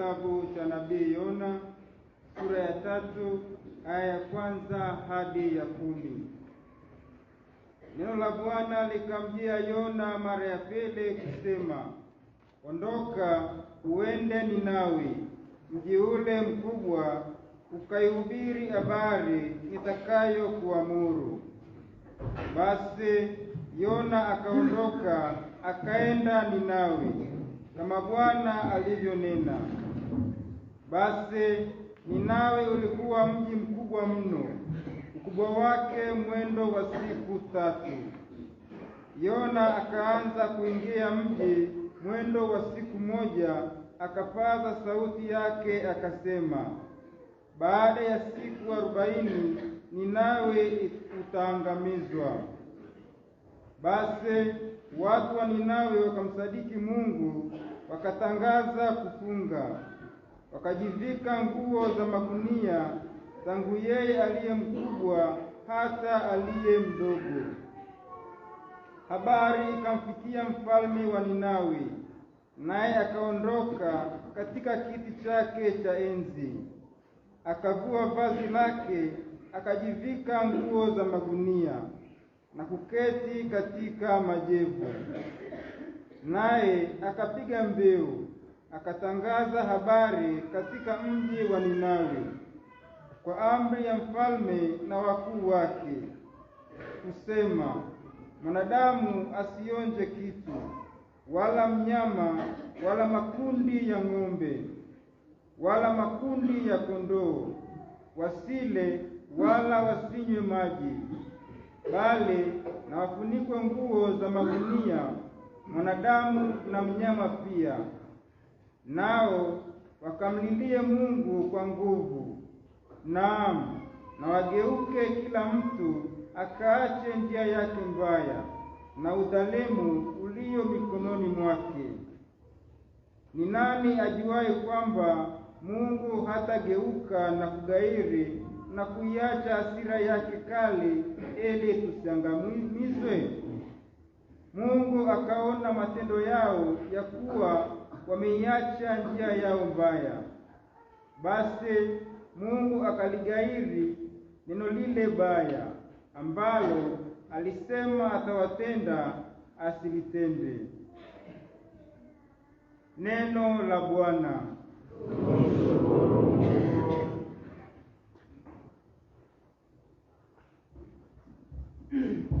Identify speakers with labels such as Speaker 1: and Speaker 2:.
Speaker 1: kitabu cha nabii Yona sura ya tatu aya ya kwanza hadi ya kumi. Neno la Bwana likamjia Yona mara ya pili kusema, ondoka uende Ninawi, mji ule mkubwa, ukaihubiri habari nitakayokuamuru. Basi Yona akaondoka akaenda Ninawi kama Bwana alivyonena. Basi Ninawi ulikuwa mji mkubwa mno, ukubwa wake mwendo wa siku tatu. Yona akaanza kuingia mji mwendo wa siku moja, akapaza sauti yake akasema, baada ya siku arobaini Ninawi utaangamizwa. Basi watu wa Ninawi wakamsadiki Mungu, wakatangaza kufunga wakajivika nguo za magunia, tangu yeye aliye mkubwa hata aliye mdogo. Habari ikamfikia mfalme wa Ninawi, naye akaondoka katika kiti chake cha enzi, akavua vazi lake, akajivika nguo za magunia na kuketi katika majevu, naye akapiga mbeu akatangaza habari katika mji wa Ninawi kwa amri ya mfalme na wakuu wake kusema, mwanadamu asionje kitu wala mnyama wala makundi ya ng'ombe wala makundi ya kondoo, wasile wala wasinywe maji, bali na wafunikwe nguo za magunia, mwanadamu na mnyama pia nao wakamlilie Mungu kwa nguvu. Naam, na wageuke kila mtu akaache njia yake mbaya na udhalimu ulio mikononi mwake. Ni nani ajuaye kwamba Mungu hatageuka na kugairi na kuiacha hasira yake kali ili tusiangamizwe? Mungu akaona matendo yao ya kuwa wameiacha njia yao mbaya. Basi Mungu akaligairi neno lile baya ambalo alisema atawatenda asilitende. Neno la Bwana.